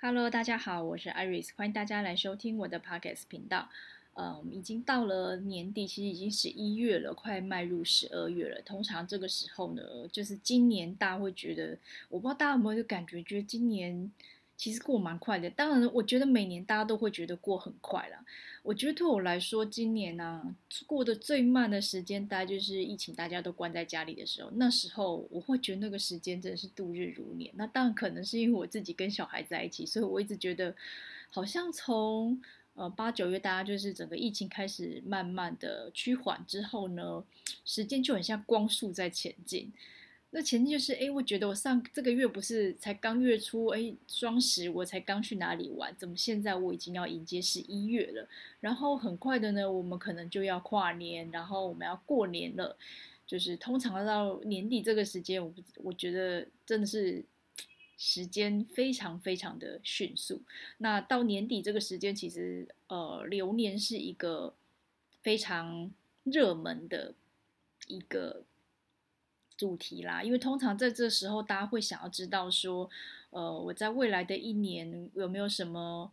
Hello，大家好，我是 Iris，歡迎大家來收聽我的 Podcast 頻道。嗯，已經到了年底，其實已經十一月了，快邁入十二月了。通常這個時候呢，就是今年大家會覺得，我不知道大家有沒有感覺，覺得今年其實過蠻快的。當然，我覺得每年大家都會覺得過很快了。我覺得對我來說，今年啊，過得最慢的時間，大概就是疫情大家都關在家裡的時候。那時候我會覺得那個時間真的是度日如年。那當然可能是因為我自己跟小孩子在一起，所以我一直覺得好像從呃八九月大家就是整個疫情開始慢慢的趨緩之後呢，時間就很像光速在前進。那前提就是，哎、欸，我覺得我上這個月不是才剛月初，哎、欸，雙十我才剛去哪裡玩？怎麼現在我已經要迎接十一月了？然後很快的呢，我們可能就要跨年，然後我們要過年了。就是通常到年底這個時間，我我覺得真的是時間非常非常的迅速。那到年底這個時間，其實呃，流年是一個非常熱門的一個，主題啦，因為通常在這時候，大家會想要知道說，呃，我在未來的一年有沒有什麼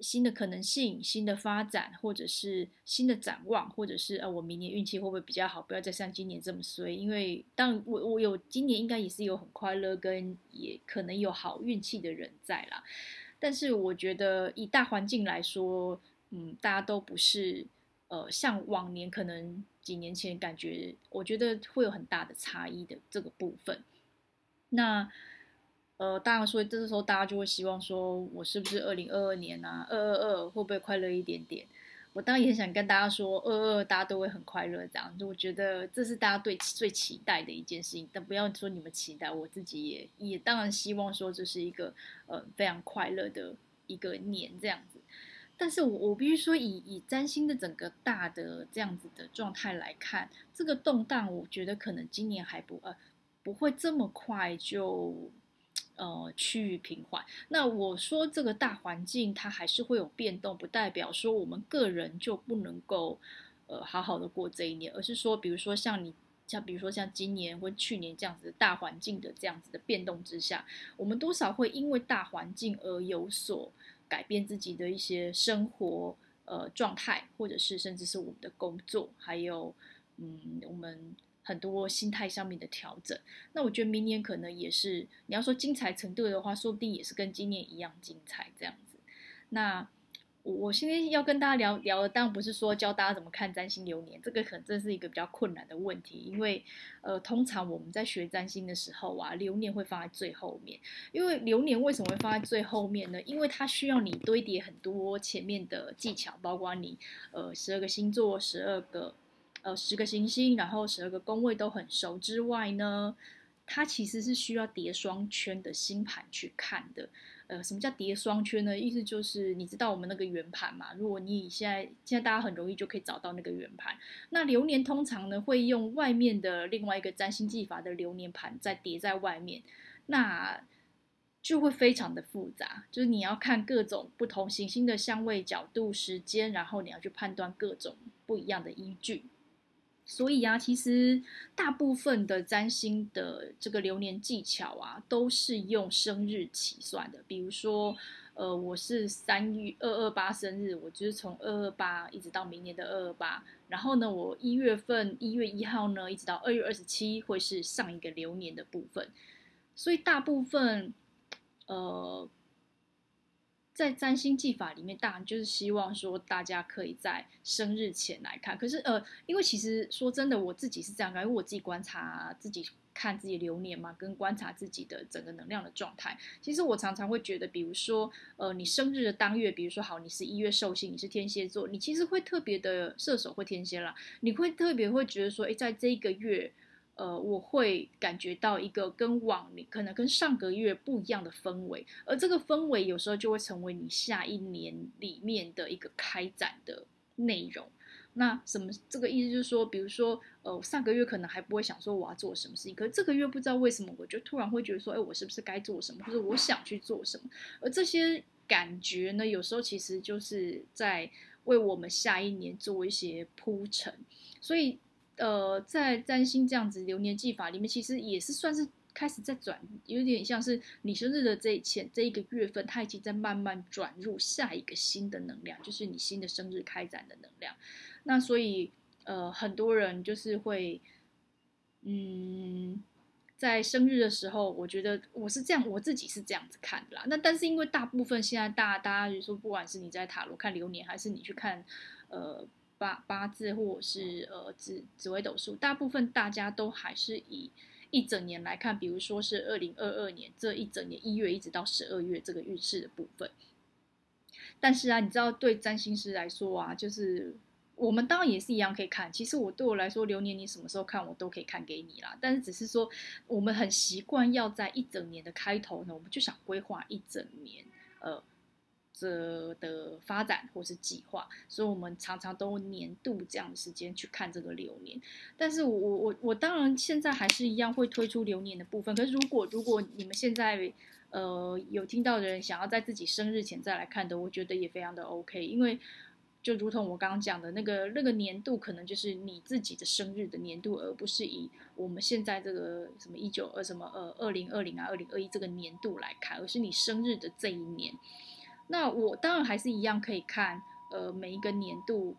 新的可能性、新的發展，或者是新的展望，或者是呃，我明年運氣會不會比較好，不要再像今年這麼衰？因為，當然我我有今年應該也是有很快樂，跟也可能有好運氣的人在啦。但是，我覺得以大環境來說，嗯，大家都不是呃，像往年可能。幾年前感覺，我覺得會有很大的差異的這個部分。那，呃，當然說，這個時候大家就會希望說，我是不是二零二二年啊，二二二會不會快樂一點點？我當然也想跟大家說，二二大家都會很快樂，這樣子我覺得這是大家對最期待的一件事情。但不要說你們期待，我自己也也當然希望說這是一個呃非常快樂的一個年這樣子。但是我我必須說以，以以占星的整個大的這樣子的狀態來看，這個動盪，我覺得可能今年還不呃不會這麼快就呃趨於平緩。那我說這個大環境它還是會有變動，不代表說我們個人就不能夠呃好好的過這一年，而是說，比如說像你像比如說像今年或去年這樣子的大環境的這樣子的變動之下，我們多少會因為大環境而有所。改變自己的一些生活呃狀態，或者是甚至是我們的工作，還有嗯我們很多心態上面的調整。那我覺得明年可能也是，你要說精彩程度的話，說不定也是跟今年一樣精彩這樣子。那。我我現在要跟大家聊聊，當然不是說教大家怎麼看占星流年，這個可能這是一個比較困難的問題，因為呃，通常我們在學占星的時候啊，流年會放在最後面。因為流年為什麼會放在最後面呢？因為它需要你堆疊很多前面的技巧，包括你呃十二個星座，十二個呃十個行星，然後十二個宮位都很熟之外呢，它其實是需要疊雙圈的星盤去看的。呃，什麼叫疊雙圈呢？意思就是，你知道我們那個圓盤嘛？如果你現在現在大家很容易就可以找到那個圓盤，那流年通常呢會用外面的另外一個占星技法的流年盤再疊在外面，那就會非常的複雜，就是你要看各種不同行星的相位、角度、時間，然後你要去判斷各種不一樣的依據。所以呀、啊，其實大部分的占星的這個流年技巧啊，都是用生日起算的。比如說，呃，我是三月二二八生日，我就是從二二八一直到明年的二二八。然後呢，我一月份一月一號呢，一直到二月二十七，會是上一個流年的部分。所以大部分，呃。在占星技法裡面，當然就是希望說大家可以在生日前來看。可是呃，因為其實說真的，我自己是這樣，因為我自己觀察自己看自己流年嘛，跟觀察自己的整個能量的狀態。其實我常常會覺得，比如說呃，你生日的當月，比如說好，你是一月壽星，你是天蠍座，你其實會特別的射手或天蠍啦，你會特別會覺得說，哎、欸，在這一個月。呃，我會感覺到一個跟往年，可能跟上個月不一樣的氛圍，而這個氛圍有時候就會成為你下一年裡面的一個開展的內容。那什麼？這個意思就是說，比如說，呃，上個月可能還不會想說我要做什麼事情，可是這個月不知道為什麼，我就突然會覺得說，誒、哎，我是不是該做什麼，或者我想去做什麼？而這些感覺呢，有時候其實就是在為我們下一年做一些鋪陳，所以，呃，在占星這樣子流年的技法裡面，其實也是算是開始在轉，有點像是你生日的這一天，這一個月份，它已經在慢慢轉入下一個新的能量，就是你新的生日開展的能量。那所以，呃，很多人就是會，嗯，在生日的時候，我覺得我是這樣，我自己是這樣子看的啦。那但是因為大部分現在大大家就說，不管是你在塔羅看流年，還是你去看，呃。八八字或者是呃，紫紫微斗數，大部分大家都還是以一整年來看，比如說是二零二二年這一整年一月一直到十二月這個運勢的部分。但是啊，你知道對占星師來說啊，就是我們當然也是一樣可以看。其實我對我來說，流年你什麼時候看我都可以看給你啦。但是只是說，我們很習慣要在一整年的開頭呢，我們就想規劃一整年，呃。這的發展或是計劃，所以我們常常都年度這樣的時間去看這個流年。但是我我我我當然現在還是一樣會推出流年的部分。可是如果如果你們現在呃有聽到的人想要在自己生日前再來看的，我覺得也非常的 OK。因為就如同我剛剛講的那個那個年度，可能就是你自己的生日的年度，而不是以我們現在這個什麼一九二什麼呃二零二零啊、二零二一這個年度來看，而是你生日的這一年。那我當然還是一樣可以看，呃，每一個年度，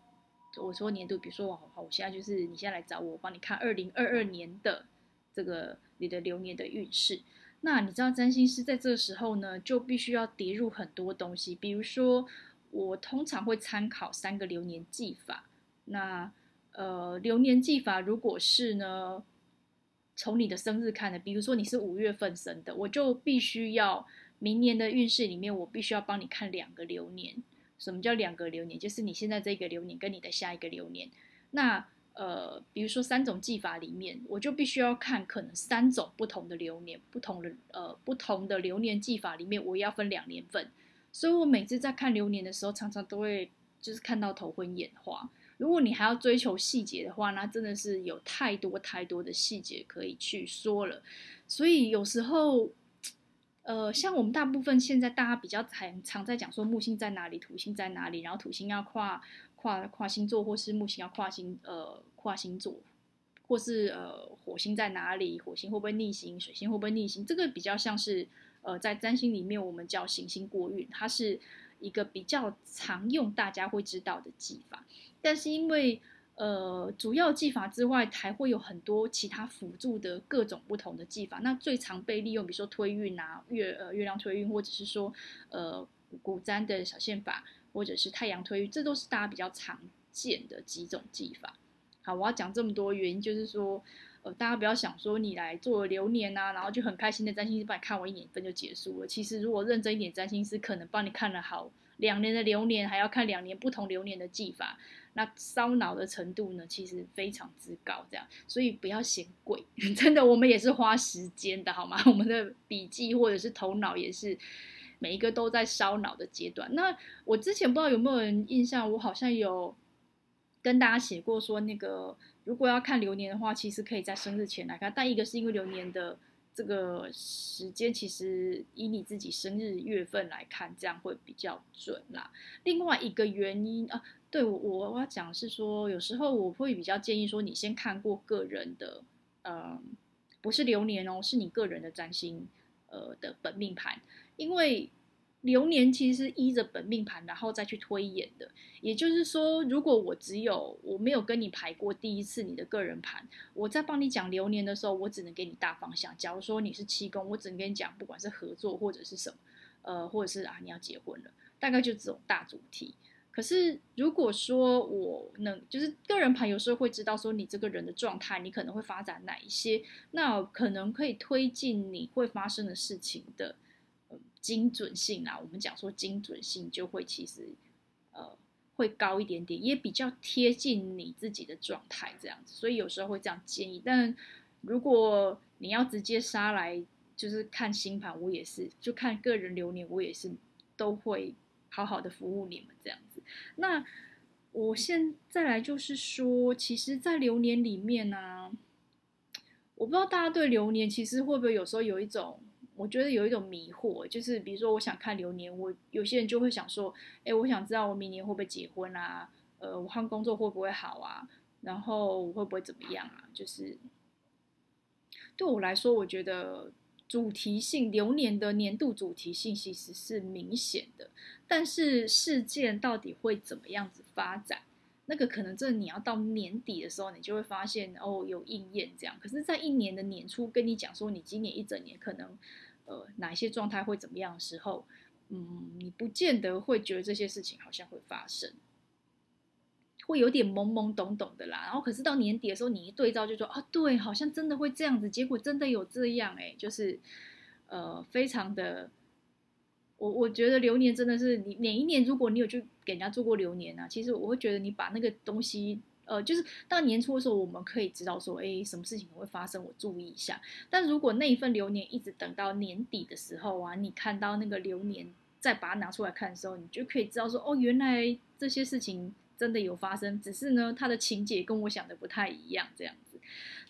我說年度，比如說，好，好我現在就是，你現在來找我，我幫你看二零二二年的這個你的流年的運勢。那你知道占星師在這個時候呢，就必須要疊入很多東西，比如說，我通常會參考三個流年技法。那呃，流年技法如果是呢，從你的生日看的，比如說你是五月份生的，我就必須要。明年的運勢裡面，我必須要幫你看兩個流年。什麼叫兩個流年？就是你現在這個流年跟你的下一個流年。那呃，比如說三種技法裡面，我就必須要看可能三種不同的流年，不同的呃不同的流年技法裡面，我也要分兩年份。所以我每次在看流年的時候，常常都會就是看到頭昏眼花。如果你還要追求細節的話，那真的是有太多太多的細節可以去說了。所以有時候……呃，像我們大部分現在大家比較很常在講說木星在哪裡，土星在哪裡，然後土星要跨跨跨星座，或是木星要跨星呃跨星座，或是呃火星在哪裡，火星會不會逆行，水星會不會逆行，這個比較像是呃在占星裡面我們叫行星過運，它是一個比較常用大家會知道的技法，但是因為呃，主要技法之外，還會有很多其他輔助的各種不同的技法。那最常被利用，比如說推運啊，月呃月亮推運，或者是說呃古占的小限法，或者是太陽推運，這都是大家比較常見的幾種技法。好，我要講這麼多原因，就是說呃大家不要想說你來做流年吶、啊，然後就很開心的占星師幫你看完一年份就結束了。其實如果認真一點，占星師可能幫你看了好。兩年的流年還要看兩年不同流年的技法，那燒腦的程度呢，其實非常之高，這樣，所以不要嫌貴， 真的，我們也是花時間的，好嗎？我們的筆記或者是頭腦也是每一個都在燒腦的階段。那我之前不知道有沒有人印象，我好像有跟大家寫過說，那個如果要看流年的話，其實可以在生日前來看，但一個是因為流年的。這個時間其實以你自己生日月份來看，這樣會比較準啦。另外一個原因啊，對我我要講的是說，有時候我會比較建議說，你先看過個人的，嗯，不是流年哦，是你個人的占星，呃，的本命盤，因為。流年其實是依着本命盤，然後再去推演的。也就是說，如果我只有我沒有跟你排過第一次你的個人盤，我在幫你講流年的時候，我只能給你大方向。假如說你是七宮，我只能跟你講，不管是合作或者是什麼，呃，或者是啊你要結婚了，大概就這種大主題。可是如果說我能就是個人盤，有時候會知道說你這個人的狀態，你可能會發展哪一些，那可能可以推進你會發生的事情的。精準性啊，我們講說精準性就會其實，呃，會高一點點，也比較貼近你自己的狀態這樣子，所以有時候會這樣建議。但如果你要直接殺來，就是看星盤，我也是，就看個人流年，我也是都會好好的服務你們這樣子。那我現在來就是說，其實，在流年裡面呢、啊，我不知道大家對流年其實會不會有時候有一種。我覺得有一種迷惑，就是比如說我想看流年，我有些人就會想說，哎，我想知道我明年會不會結婚啊？呃，我看工作會不會好啊？然後會不會怎麼樣啊？就是對我來說，我覺得主題性流年的年度主題性其實是明顯的，但是事件到底會怎麼樣子發展，那個可能這你要到年底的時候，你就會發現哦，有應驗這樣。可是，在一年的年初跟你講說，你今年一整年可能。呃，哪一些狀態會怎麼樣的時候，嗯，你不見得會覺得這些事情好像會發生，會有點懵懵懂懂的啦。然後，可是到年底的時候，你一對照就說啊，對，好像真的會這樣子，結果真的有這樣誒、欸，就是呃，非常的。我我覺得流年真的是你哪一年，如果你有去給人家做過流年啊，其實我會覺得你把那個東西。呃，就是到年初的時候，我們可以知道說，哎，什麼事情會發生，我注意一下。但如果那一份流年一直等到年底的時候啊，你看到那個流年再把它拿出來看的時候，你就可以知道說，哦，原來這些事情真的有發生，只是呢，它的情節跟我想的不太一樣，這樣子。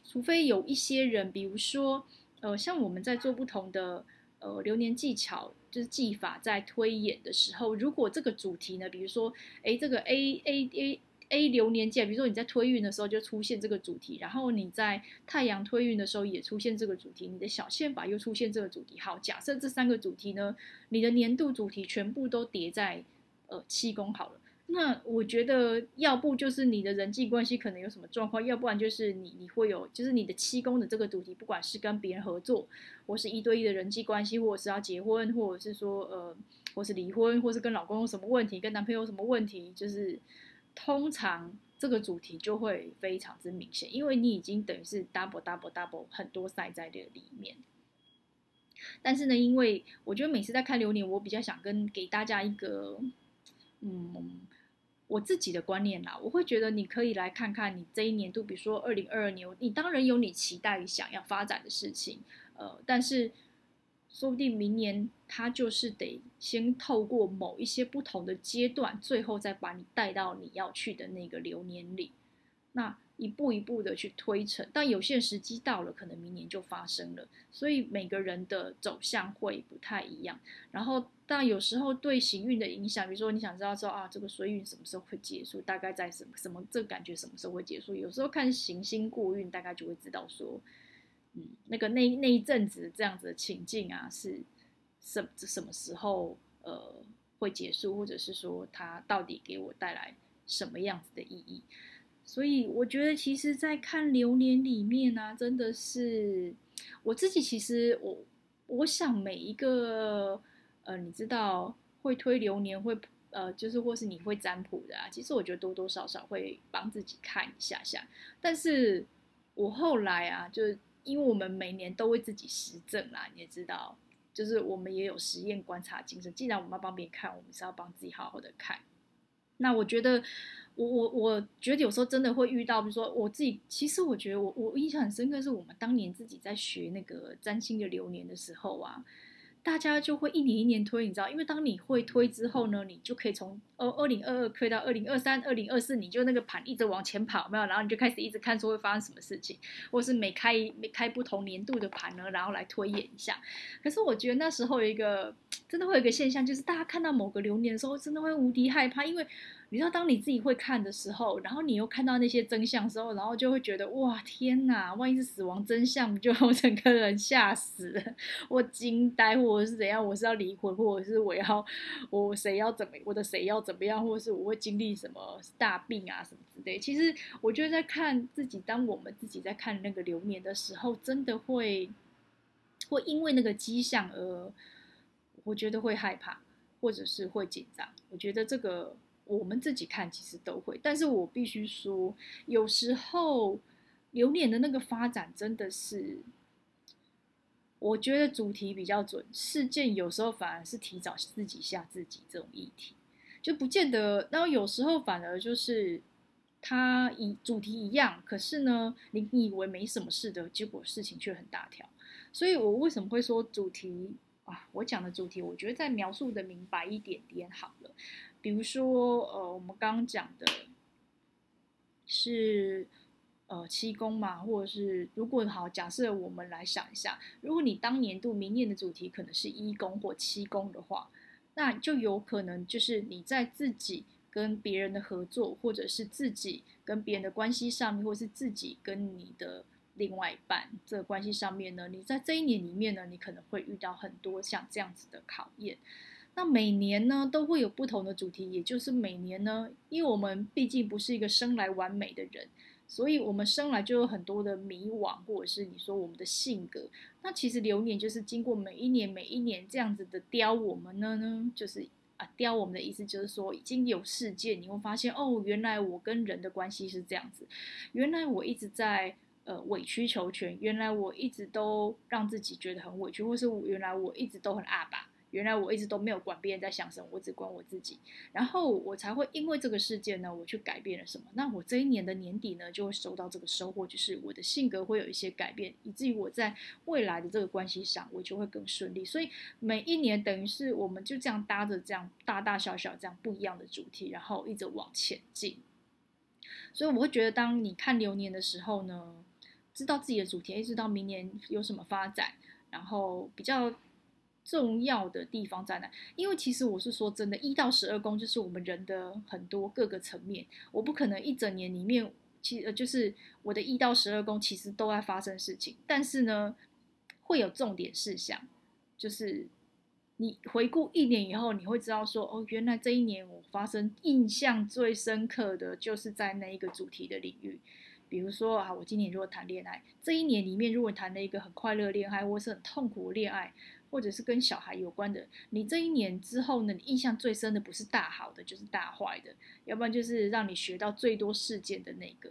除非有一些人，比如說，呃，像我們在做不同的呃，流年技巧，就是技法在推演的時候，如果這個主題呢，比如說，哎，這個 A A A。A 流年界，比如說你在推運的時候就出現這個主題，然後你在太陽推運的時候也出現這個主題，你的小限法又出現這個主題。好，假設這三個主題呢，你的年度主題全部都疊在呃七宮好了。那我覺得，要不就是你的人際關係可能有什麼狀況，要不然就是你你會有，就是你的七宮的這個主題，不管是跟別人合作，或是一對一的人際關係，或者是要結婚，或者是說呃，或是離婚，或是跟老公有什麼問題，跟男朋友有什麼問題，就是。通常這個主題就會非常之明顯，因為你已經等於是 double double double 很多塞在這個裡面。但是呢，因為我覺得每次在看流年，我比較想跟給大家一個，嗯，我自己的觀念啦，我會覺得你可以來看看你這一年度，比如說二零二二年，你當然有你期待與想要發展的事情，呃，但是。說不定明年他就是得先透過某一些不同的階段，最後再把你帶到你要去的那個流年裡，那一步一步的去推陳。但有些時機到了，可能明年就發生了。所以每個人的走向會不太一樣。然後，但有時候對行運的影響，比如說你想知道說啊，這個水運什麼時候會結束？大概在什麼什麼？這個感覺什麼時候會結束？有時候看行星過運，大概就會知道說。嗯，那個那那一陣子這樣子的情境啊，是什麼什麼時候呃會結束，或者是說它到底給我帶來什麼樣子的意義？所以我覺得，其實，在看流年裡面呢、啊，真的是我自己。其實我我想每一個呃，你知道會推流年會呃，就是或是你會占卜的啊，其實我覺得多多少少會幫自己看一下下。但是我後來啊，就因為我們每年都會自己實證啦，你也知道，就是我們也有實驗觀察精神。既然我們要幫別人看，我們是要幫自己好好的看。那我覺得，我我我覺得有時候真的會遇到，比如說我自己，其實我覺得我我印象很深刻，是我們當年自己在學那個占星的流年的時候啊。大家就會一年一年推，你知道，因為當你會推之後呢，你就可以從呃二零二二推到二零二三、二零二四，你就那個盤一直往前跑，沒有？然後你就開始一直看說會發生什麼事情，或是每開每開不同年度的盤呢，然後來推演一下。可是我覺得那時候有一個真的會有一個現象，就是大家看到某個流年的時候，真的會無敵害怕，因為。你知道，當你自己會看的時候，然後你又看到那些真相的時候，然後就會覺得哇天哪！萬一是死亡真相，就我整個人嚇死了，我驚呆，或者是怎樣？我是要離婚，或者是我要我誰要怎麼我的誰要怎麼樣，或者是我會經歷什麼大病啊什麼之類。其實，我覺得在看自己，當我們自己在看那個流年的時候，真的會會因爲那個跡象而我覺得會害怕，或者是會緊張。我覺得這個。我們自己看其實都會，但是我必須說，有時候流年的那個發展真的是，我覺得主題比較準，事件有時候反而是提早自己嚇自己這種議題，就不見得。然後有時候反而就是他以主題一樣，可是呢，你以為沒什麼事的，結果事情卻很大條。所以我為什麼會說主題啊？我講的主題，我覺得再描述的明白一點點好了。比如說，呃，我們剛剛講的是，呃，七宮嘛，或者是如果好假設我們來想一下，如果你當年度明年的主題可能是一宮或七宮的話，那就有可能就是你在自己跟別人的合作，或者是自己跟別人的關係上面，或者是自己跟你的另外一半這個關係上面呢，你在這一年裡面呢，你可能會遇到很多像這樣子的考驗。那每年呢，都會有不同的主題，也就是每年呢，因為我們畢竟不是一個生來完美的人，所以我們生來就有很多的迷惘，或者是你說我們的性格。那其實流年就是經過每一年、每一年這樣子的雕我們呢，呢就是啊雕我們的意思就是說，已經有事件你會發現哦，原來我跟人的關係是這樣子，原來我一直在呃委曲求全，原來我一直都讓自己覺得很委屈，或是我原來我一直都很阿爸。原來我一直都沒有管別人在想什麼，我只管我自己，然後我才會因為這個事件呢，我去改變了什麼。那我這一年的年底呢，就會收到這個收穫，就是我的性格會有一些改變，以至於我在未來的這個關係上，我就會更順利。所以每一年等於是我們就這樣搭着這樣大大小小這樣不一樣的主題，然後一直往前進。所以我會覺得，當你看流年的時候呢，知道自己的主題，一直到明年有什麼發展，然後比較。重要的地方在哪？因為其實我是說真的，一到十二宮就是我們人的很多各個層面。我不可能一整年裡面，其呃，就是我的一到十二宮其實都在發生事情，但是呢，會有重點事項。就是你回顧一年以後，你會知道說，哦，原來這一年我發生印象最深刻的就是在那一個主題的領域。比如說啊，我今年如果談戀愛，這一年裡面如果談了一個很快樂的戀愛，或是很痛苦的戀愛。或者是跟小孩有關的，你這一年之後呢，你印象最深的不是大好的，就是大壞的，要不然就是讓你學到最多事件的那個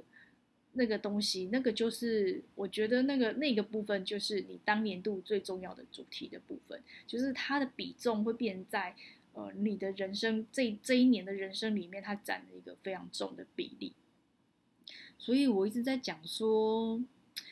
那個東西，那個就是我覺得那個那個部分就是你當年度最重要的主題的部分，就是它的比重會變在呃你的人生這一這一年的人生裡面，它占了一個非常重的比例，所以我一直在講說。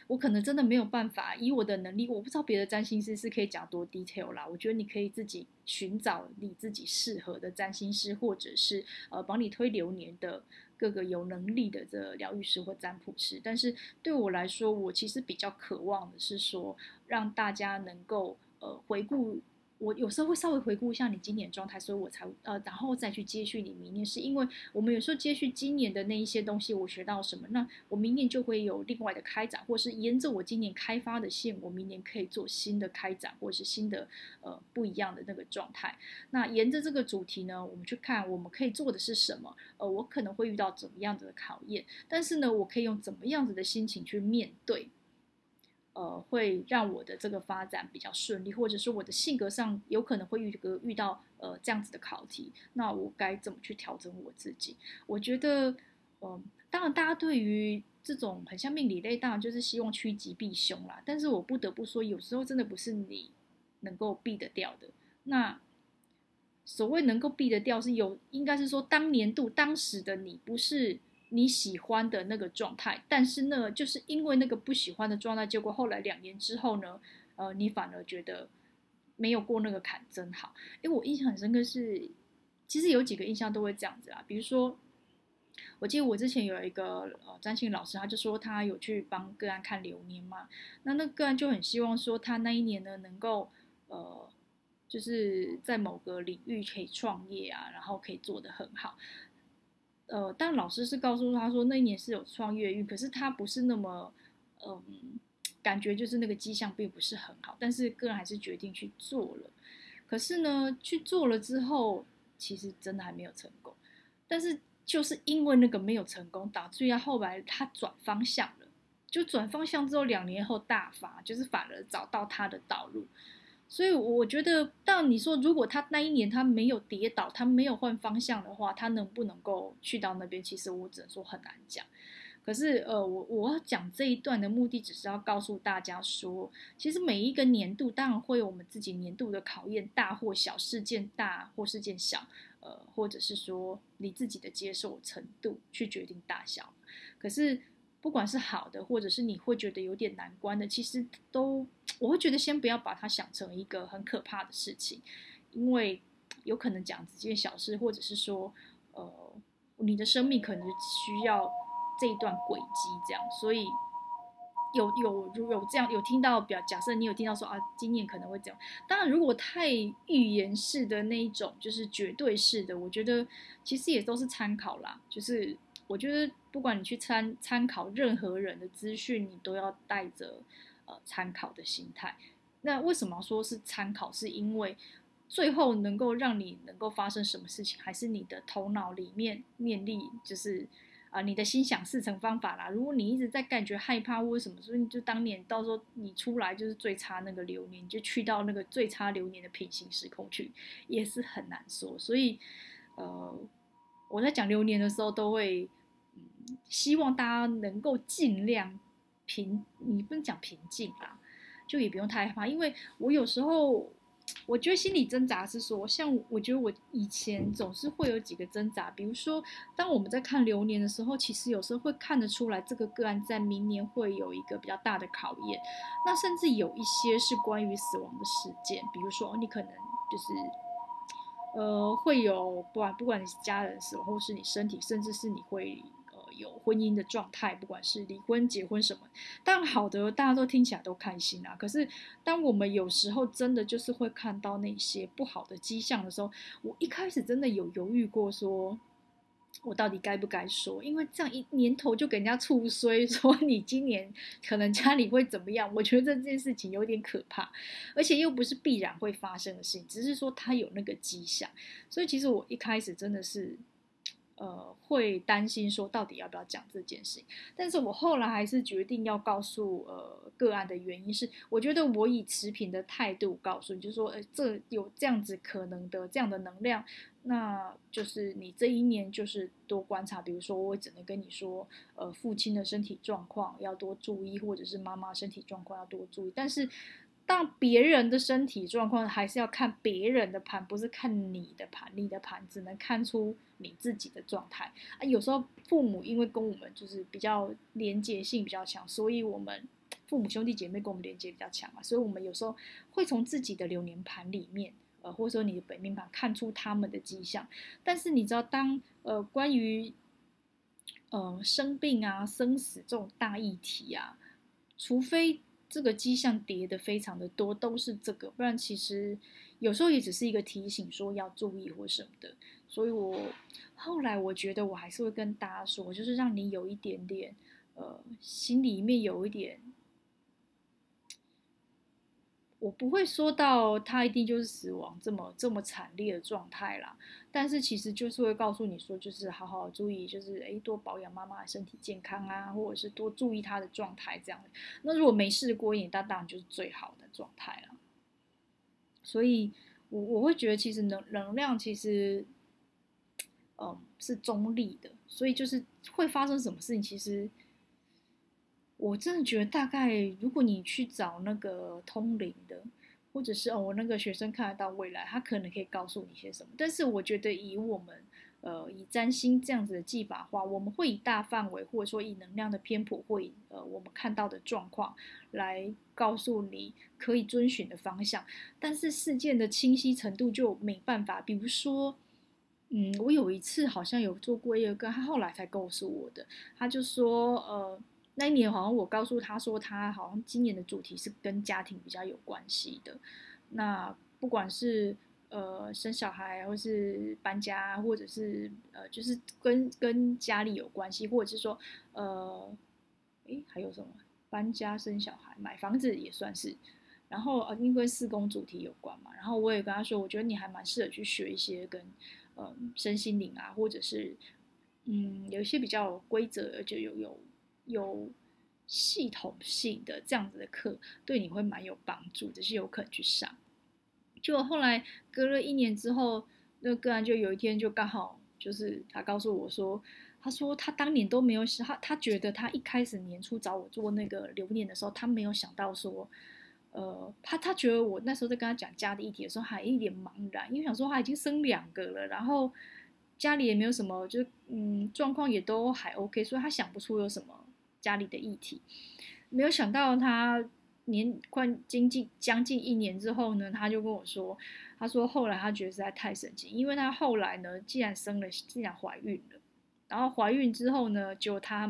我可能真的沒有辦法以我的能力，我不知道別的占星師是可以講多 detail 啦。我覺得你可以自己尋找你自己適合的占星師，或者是呃幫你推流年的各個有能力的這療癒師或占卜師。但是對我來說，我其實比較渴望的是說，讓大家能夠呃回顧。我有時候會稍微回顧一下你今年的狀態，所以我才呃，然後再去接續你明年。是因為我們有時候接續今年的那一些東西，我學到什麼，那我明年就會有另外的開展，或是沿着我今年開發的線，我明年可以做新的開展，或是新的呃不一樣的那個狀態。那沿着這個主題呢，我們去看我們可以做的是什麼，呃，我可能會遇到怎麼樣子的考驗，但是呢，我可以用怎麼樣子的心情去面對。呃，會讓我的這個發展比較順利，或者是我的性格上有可能會遇個遇到呃這樣子的考題，那我該怎麼去調整我自己？我覺得，嗯、呃，當然大家對於這種很像命理類，當然就是希望趨吉避凶啦。但是我不得不說，有時候真的不是你能夠避得掉的。那所謂能夠避得掉，是有，應該是說當年度當時的你不是。你喜歡的那個狀態，但是呢，就是因為那個不喜歡的狀態，結果後來兩年之後呢，呃，你反而覺得沒有過那個坎真好。因為我印象很深刻是，其實有幾個印象都會這樣子啊。比如說，我記得我之前有一個呃張信老師，他就說他有去幫個案看流年嘛，那那個案就很希望說他那一年呢能夠呃，就是在某個領域可以創業啊，然後可以做得很好。呃，但老師是告訴他說，那一年是有創業運，可是他不是那麼，嗯，感覺就是那個跡象並不是很好。但是個人還是決定去做了。可是呢，去做了之後，其實真的還沒有成功。但是就是因為那個沒有成功，導致於他後來他轉方向了。就轉方向之後，兩年後大發，就是反而找到他的道路。所以我覺得，當你說如果他那一年他沒有跌倒，他沒有換方向的話，他能不能夠去到那邊？其實我只能說很難講。可是呃，我我要講這一段的目的，只是要告訴大家說，其實每一個年度當然會有我們自己年度的考驗，大或小事件大，大或事件小，呃，或者是說你自己的接受的程度去決定大小。可是。不管是好的，或者是你會覺得有點難關的，其實都我會覺得先不要把它想成一個很可怕的事情，因為有可能講幾件小事，或者是說，呃，你的生命可能需要這一段軌跡這樣。所以有有有，有這樣有聽到表，比假設你有聽到說啊，今年可能會這樣。當然，如果太預言式的那一種，就是絕對式的，我覺得其實也都是參考啦，就是。我就是不管你去參參考任何人的資訊，你都要帶着呃參考的心態。那為什麼說是參考？是因為最後能夠讓你能夠發生什麼事情，還是你的頭腦裡面念力，就是啊、呃，你的心想事成方法啦。如果你一直在感覺害怕，為什麼？所以你就當年到時候你出來就是最差那個流年，你就去到那個最差流年的平行時空去，也是很難說。所以呃，我在講流年的時候都會。希望大家能夠儘量平，你不用講平靜啊，就也不用太害怕，因為我有時候我覺得心理掙扎是說，像我覺得我以前總是會有幾個掙扎，比如說當我們在看流年的時候，其實有時候會看得出來這個個案在明年會有一個比較大的考驗，那甚至有一些是關於死亡的事件，比如說你可能就是呃會有不管不管你是家人死亡或是你身體，甚至是你會。有婚姻的狀態，不管是離婚、結婚什麼，但好的大家都聽起來都開心啊。可是，當我們有時候真的就是會看到那些不好的跡象的時候，我一開始真的有猶豫過，說我到底該不該說？因為這樣一年頭就給人家觸衰，說你今年可能家裡會怎麼樣？我覺得這件事情有點可怕，而且又不是必然會發生的事情，只是說他有那個跡象。所以，其實我一開始真的是。呃，會擔心說到底要不要講這件事情，但是我後來還是決定要告訴呃個案的原因是，我覺得我以持平的態度告訴你，就是說，呃，這有這樣子可能的這樣的能量，那就是你這一年就是多觀察，比如說，我只能跟你說，呃，父親的身體狀況要多注意，或者是媽媽身體狀況要多注意，但是。當別人的身體狀況，還是要看別人的盤，不是看你的盤。你的盤只能看出你自己的狀態啊。有時候父母因為跟我們就是比較連接性比較強，所以我們父母兄弟姐妹跟我們連接比較強嘛、啊，所以我們有時候會從自己的流年盤裡面，呃，或者說你的本命盤看出他們的跡象。但是你知道當呃，關於呃生病啊、生死這種大議題啊，除非。這個跡象疊得非常的多，都是這個，不然其實有時候也只是一個提醒，說要注意或什麼的。所以我後來我覺得我還是會跟大家說，就是讓你有一點點，呃，心裡面有一點。我不會說到他一定就是死亡這麼這麼慘烈的狀態啦，但是其實就是會告訴你說，就是好好注意，就是誒多保養媽媽的身體健康啊，或者是多注意她的狀態這樣。那如果沒事過癮，那當然就是最好的狀態了。所以我，我我會覺得其實能能量其實，嗯，是中立的，所以就是會發生什麼事情，其實。我真的覺得，大概如果你去找那個通靈的，或者是哦，我那個學生看得到未來，他可能可以告訴你些什麼。但是我覺得以我們，呃，以占星這樣子的技法的話，我們會以大範圍或者說以能量的偏頗，會呃，我們看到的狀況來告訴你可以遵循的方向。但是事件的清晰程度就沒辦法。比如說，嗯，我有一次好像有做過一個，他後來才告訴我的，他就說，呃。那一年好像我告訴他說，他好像今年的主題是跟家庭比較有關係的。那不管是呃生小孩，或是搬家，或者是呃就是跟跟家裡有關係，或者是說呃，哎、欸、還有什麼搬家、生小孩、買房子也算是。然後啊，因為四宮主題有關嘛，然後我也跟他說，我覺得你還蠻適合去學一些跟嗯、呃、身心靈啊，或者是嗯有一些比較有規則，就有有。有有系統性的這樣子的課，對你會蠻有幫助，只是有可能去上。就後來隔了一年之後，那個個案就有一天就剛好，就是他告訴我說，他說他當年都沒有想，他他覺得他一開始年初找我做那個流年的時候，他沒有想到說，呃，他他覺得我那時候在跟他講家的議題的時候，還一臉茫然，因為想說他已經生兩個了，然後家裡也沒有什麼，就嗯狀況也都還 OK，所以他想不出有什麼。家裡的議題，沒有想到他年快經，經濟將近一年之後呢，他就跟我說，他說後來他覺得實在太神奇，因為他後來呢，既然生了，既然懷孕了，然後懷孕之後呢，就他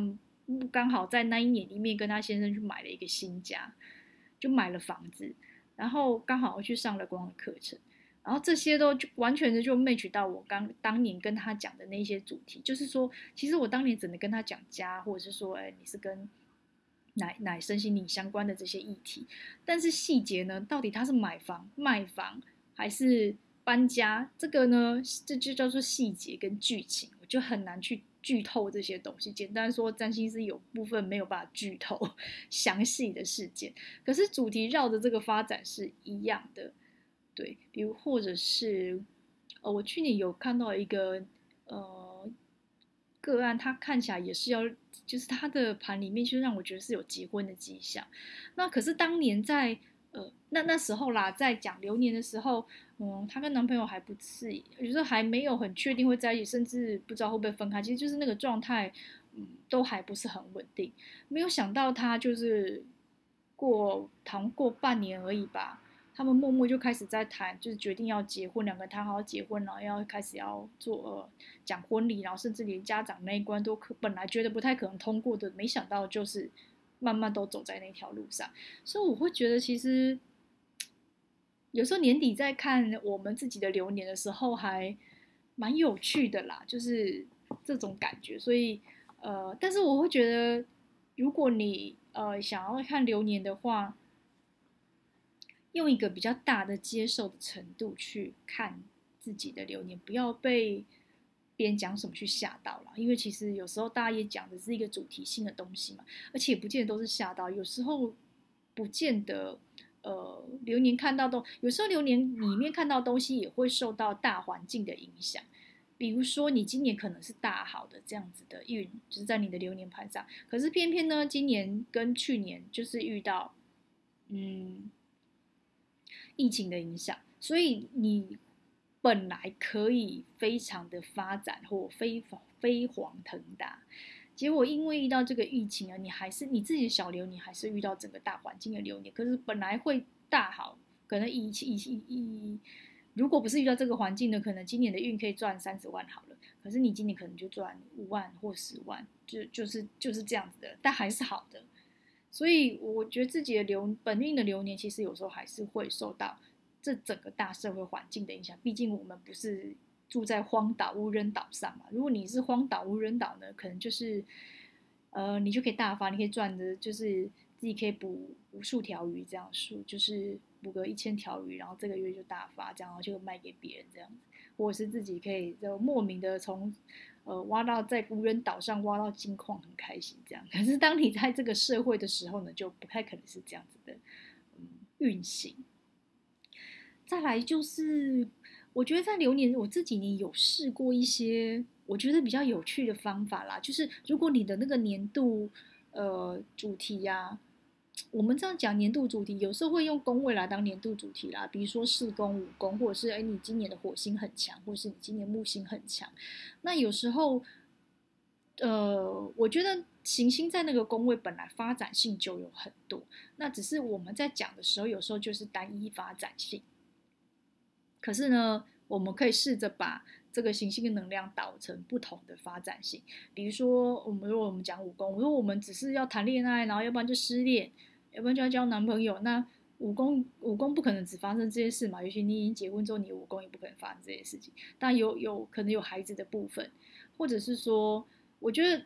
剛好在那一年裡面跟他先生去買了一個新家，就買了房子，然後剛好我去上了光的課程。然後這些都就完全的就 match 到我剛當年跟他講的那些主題，就是說，其實我當年只能跟他講家，或者是說，哎，你是跟奶奶身心靈相關的這些議題。但是細節呢，到底他是買房、賣房還是搬家，這個呢，這就叫做細節跟劇情，我就很難去劇透這些東西。簡單說，占星師有部分沒有辦法劇透詳細的事件，可是主題繞着這個發展是一樣的。對，比如或者是，呃、哦，我去年有看到一個呃個案，他看起來也是要，就是他的盤裡面就讓我覺得是有結婚的跡象。那可是當年在呃那那時候啦，在講流年的時候，嗯，他跟男朋友還不至於，也就是還沒有很確定會在一起，甚至不知道會不會分開，其實就是那個狀態，嗯、都還不是很穩定。沒有想到他就是過，談過半年而已吧。他們默默就開始在談，就是決定要結婚，兩個談好結婚，然後要開始要做呃講婚禮，然後甚至連家長那一關都可本來覺得不太可能通過的，沒想到就是慢慢都走在那條路上，所以我會覺得其實有時候年底在看我們自己的流年的時候，還蠻有趣的啦，就是這種感覺。所以呃，但是我會覺得，如果你呃想要看流年的話。用一個比較大的接受的程度去看自己的流年，不要被別人講什麼去嚇到了。因為其實有時候大家也講的是一個主題性的東西嘛，而且不見得都是嚇到。有時候不見得，呃，流年看到的，有時候流年裡面看到的東西也會受到大環境的影響。比如說你今年可能是大好的這樣子的運，就是在你的流年盤上，可是偏偏呢，今年跟去年就是遇到，嗯。疫情的影響，所以你本來可以非常的發展或飛飛黃騰達，結果因為遇到這個疫情啊，你還是你自己的小流，你還是遇到整個大環境的流年。可是本來會大好，可能以以以，如果不是遇到這個環境的，可能今年的運可以賺三十萬好了。可是你今年可能就賺五萬或十萬，就就是就是這樣子的，但還是好的。所以我覺得自己的流，本命的流年，其實有時候還是會受到這整個大社會環境的影響。畢竟我們不是住在荒島無人島上嘛。如果你是荒島無人島呢，可能就是呃，你就可以大發，你可以賺的，就是自己可以捕無數條魚這樣數，就是捕個一千條魚，然後這個月就大發這樣，然後就賣給別人這樣，或是自己可以就莫名的從。呃，挖到在無人島上挖到金礦很開心，這樣。可是當你在這個社會的時候呢，就不太可能是這樣子的，嗯，運行。再來就是，我覺得在流年，我這幾年有試過一些我覺得比較有趣的方法啦，就是如果你的那個年度，呃，主題呀、啊。我們這樣講年度主題，有時候會用宮位來當年度主題啦，比如說四宮、五宮，或者是誒，你今年的火星很強，或是你今年的木星很強。那有時候，呃，我覺得行星在那個宮位本來發展性就有很多，那只是我們在講的時候，有時候就是單一發展性。可是呢，我們可以試着把這個行星的能量導成不同的發展性，比如說我們如果我們講五宮，如果我們只是要談戀愛，然後要不然就失戀。要不然就要交男朋友。那五宮，五宮不可能只發生這些事嘛。尤其你已經結婚之後，你的五宮也不可能發生這些事情。但有有可能有孩子的部分，或者是說，我覺得，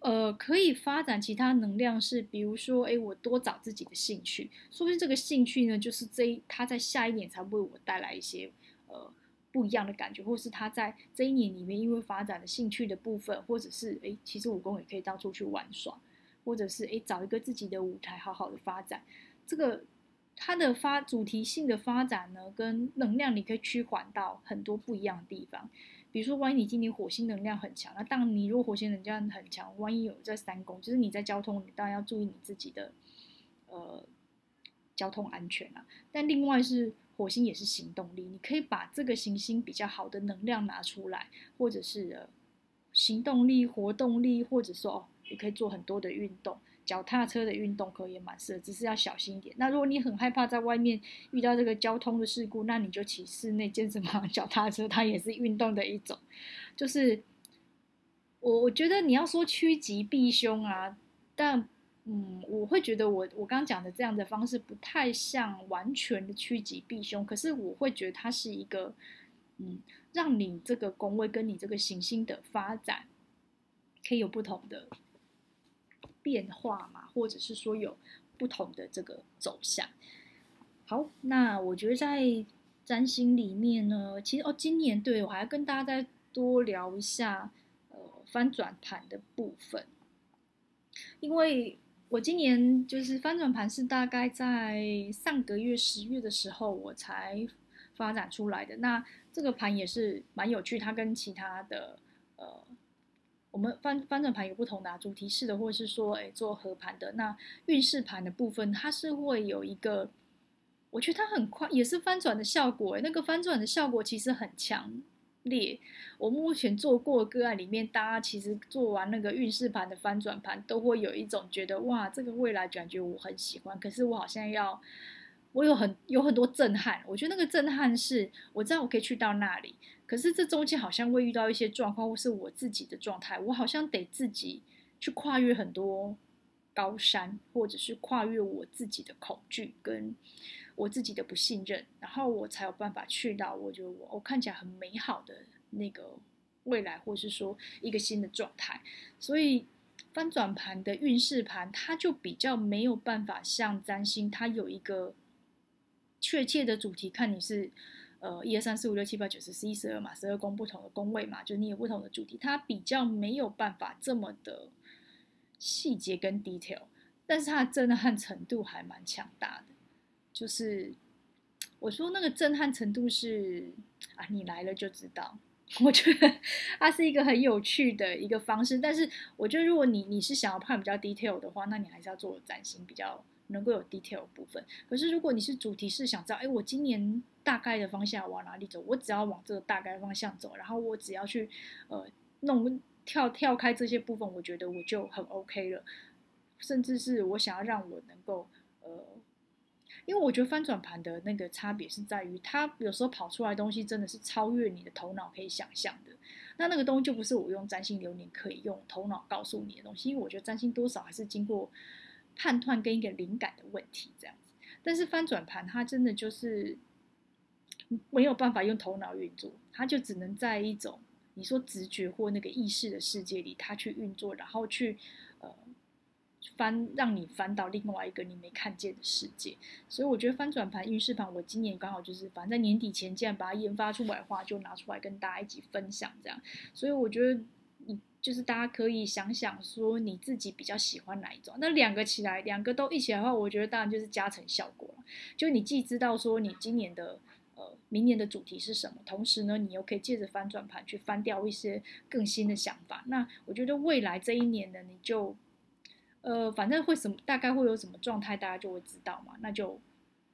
呃，可以發展其他能量是，比如說，哎、欸，我多找自己的興趣，說不定這個興趣呢，就是這一他在下一年才為我帶來一些呃不一樣的感覺，或是他在這一年裡面因為發展的興趣的部分，或者是哎、欸，其實五宮也可以到處去玩耍。或者是誒，找一個自己的舞台，好好的發展。這個它的發主題性的發展呢，跟能量你可以切換，到很多不一樣的地方。比如說，萬一你今年火星能量很強，那當你如果火星能量很強，萬一有在三宮，就是你在交通，你當然要注意你自己的呃交通安全啊。但另外是火星也是行動力，你可以把這個行星比較好的能量拿出來，或者是、呃、行動力、活動力，或者說。哦也可以做很多的運動，腳踏車的運動可能也蠻適合，只是要小心一點。那如果你很害怕在外面遇到這個交通的事故，那你就騎室內健身房腳踏車，它也是運動的一種。就是我我覺得你要說趨吉避凶啊，但嗯，我會覺得我我剛剛講的這樣的方式不太像完全的趨吉避凶，可是我會覺得它是一個嗯，讓你這個宮位跟你這個行星的發展可以有不同的。變化嘛，或者是說有不同的這個走向。好，那我覺得在占星裡面呢，其實哦，今年對我還要跟大家再多聊一下呃翻轉盤的部分，因為我今年就是翻轉盤是大概在上個月十月的時候我才發展出來的。那這個盤也是蠻有趣，它跟其他的。我們翻翻轉盤有不同的、啊、主題式的，或者是說，誒、欸、做合盤的。那運勢盤的部分，它是會有一個，我覺得它很快，也是翻轉的效果、欸。誒，那個翻轉的效果其實很強烈。我目前做過個案裡面，大家其實做完那個運勢盤的翻轉盤，都會有一種覺得，哇，這個未來感覺我很喜歡。可是我好像要，我有很有很多震撼。我覺得那個震撼是，我知道我可以去到那裡。可是這中間好像會遇到一些狀況，或是我自己的狀態，我好像得自己去跨越很多高山，或者是跨越我自己的恐懼跟我自己的不信任，然後我才有辦法去到我覺得我我看起來很美好的那個未來，或是說一個新的狀態。所以翻轉盤的運勢盤，它就比較沒有辦法像占星，它有一個確切的主題，看你是。呃，一二三四五六七八九十十一十二嘛，十二宮不同的宮位嘛，就你有不同的主題，它比較沒有辦法這麼的細節跟 detail，但是它的震撼程度還蠻強大的。就是我說那個震撼程度是啊，你來了就知道。我覺得它是一個很有趣的一個方式，但是我覺得如果你你是想要看比較 detail 的話，那你還是要做占星比較。能夠有 detail 的部分，可是如果你是主題是想知道，哎，我今年大概的方向往哪裡走，我只要往這個大概方向走，然後我只要去呃弄跳跳開這些部分，我覺得我就很 OK 了。甚至是我想要讓我能夠呃，因為我覺得翻轉盤的那個差別是在於，它有時候跑出來的東西真的是超越你的頭腦可以想象的。那那個東西就不是我用占星流年可以用頭腦告訴你的東西，因為我覺得占星多少還是經過。判斷跟一個靈感的問題這樣子，但是翻轉盤它真的就是沒有辦法用頭腦運作，它就只能在一種你說直覺或那個意識的世界裡，它去運作，然後去呃翻，讓你翻到另外一個你沒看見的世界。所以我覺得翻轉盤、運勢盤，我今年剛好就是，反正在年底前，既然把它研發出來的話，就拿出來跟大家一起分享這樣。所以我覺得。就是大家可以想想說你自己比較喜歡哪一種，那兩個起來，兩個都一起來的話，我覺得當然就是加成效果了。就你既知道說你今年的，呃，明年的主題是什麼，同時呢，你又可以借着翻轉盤去翻掉一些更新的想法。那我覺得未來這一年呢，你就，呃，反正會什麼，大概會有什麼狀態，大家就會知道嘛，那就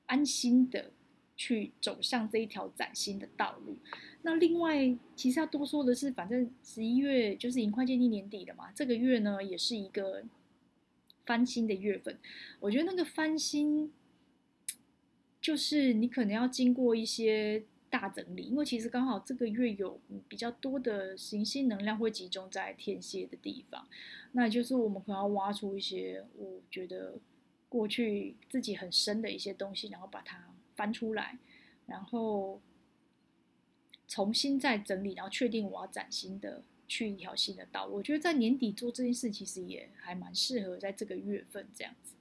安心的。去走向這一條嶄新的道路。那另外，其實要多說的是，反正十一月就是已經快接近年底了嘛。這個月呢，也是一個翻新的月份。我覺得那個翻新，就是你可能要經過一些大整理，因為其實剛好這個月有比較多的行星能量會集中在天蠍的地方。那就是我們可能要挖出一些，我覺得過去自己很深的一些東西，然後把它。翻出來，然後重新再整理，然後確定我要嶄新的去一條新的道路。我覺得在年底做這件事，其實也還蠻適合在這個月份這樣子。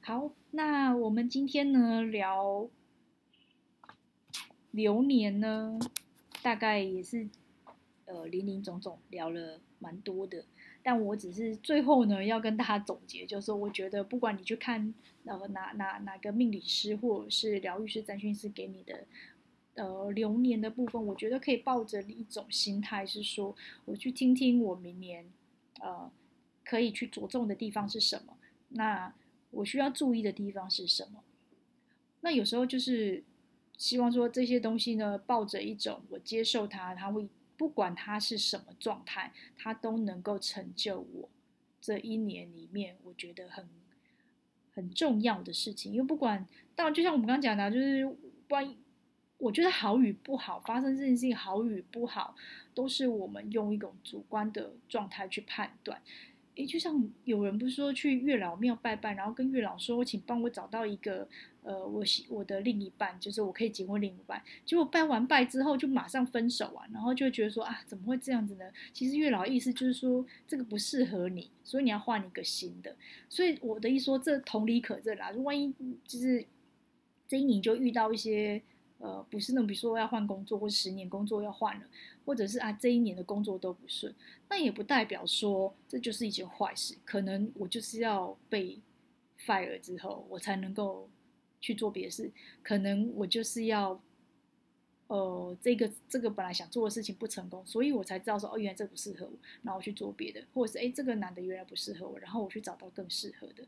好，那我們今天呢聊流年呢，大概也是呃林林總總聊了蠻多的。但我只是最後呢，要跟大家總結，就是我覺得，不管你去看呃哪哪哪個命理師，或者是療癒師、占星師給你的呃流年的部分，我覺得可以抱着一種心態，是說我去聽聽我明年呃可以去着重的地方是什麼，那我需要注意的地方是什麼。那有時候就是希望說這些東西呢，抱着一種我接受它，它會。不管他是什麼狀態，他都能夠成就我這一年裡面，我覺得很很重要的事情。因為不管，當然就像我們剛剛講的，就是關，我覺得好與不好發生這件事情，好與不好，都是我們用一種主觀的狀態去判斷。哎，就像有人不是說去月老廟拜拜，然後跟月老說：“我請幫我找到一個，呃，我我的另一半，就是我可以結婚另一半。”結果拜完拜之後就馬上分手啊，然後就覺得說：“啊，怎麼會這樣子呢？”其實月老意思就是說這個不適合你，所以你要換一個新的。所以我的意思說，這同理可證啦、啊。就萬一就是這一年就遇到一些。呃，不是那，比如說我要換工作，或流年工作要換了，或者是啊，這一年的工作都不順，那也不代表說這就是一件壞事。可能我就是要被 fire 之後，我才能夠去做別的事。可能我就是要。呃，這個這個本來想做的事情不成功，所以我才知道說哦，原來這不適合我，然後我去做別的，或者是哎，這個男的原來不適合我，然後我去找到更適合的。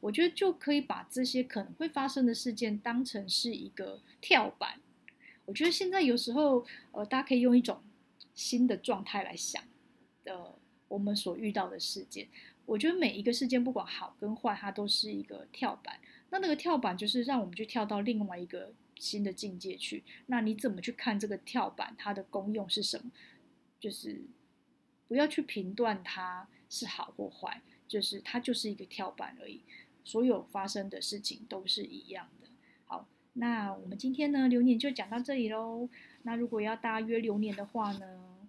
我覺得就可以把這些可能會發生的事件當成是一個跳板。我覺得現在有時候，呃，大家可以用一種新的狀態來想，呃，我們所遇到的事件。我覺得每一個事件不管好跟壞，它都是一個跳板。那那個跳板就是讓我們去跳到另外一個。新的境界去，那你怎麼去看這個跳板？它的功用是什麼？就是不要去評斷它是好或壞，就是它就是一個跳板而已。所有發生的事情都是一樣的。好，那我們今天呢，流年就講到這裡嘍。那如果要大約流年的話呢，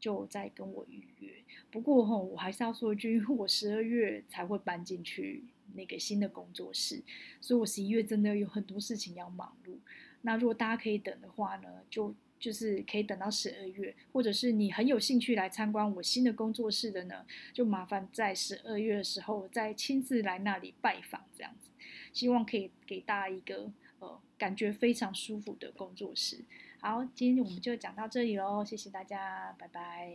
就再跟我預約。不過吼、哦，我還是要說一句，我十二月才會搬進去。那個新的工作室，所以我十一月真的有很多事情要忙碌。那如果大家可以等的話呢，就就是可以等到十二月，或者是你很有興趣來參觀我新的工作室的呢，就麻煩在十二月的時候再親自來那裡拜訪，這樣子。希望可以給大家一個呃感覺非常舒服的工作室。好，今天我們就講到這裡嘍，謝謝大家，拜拜。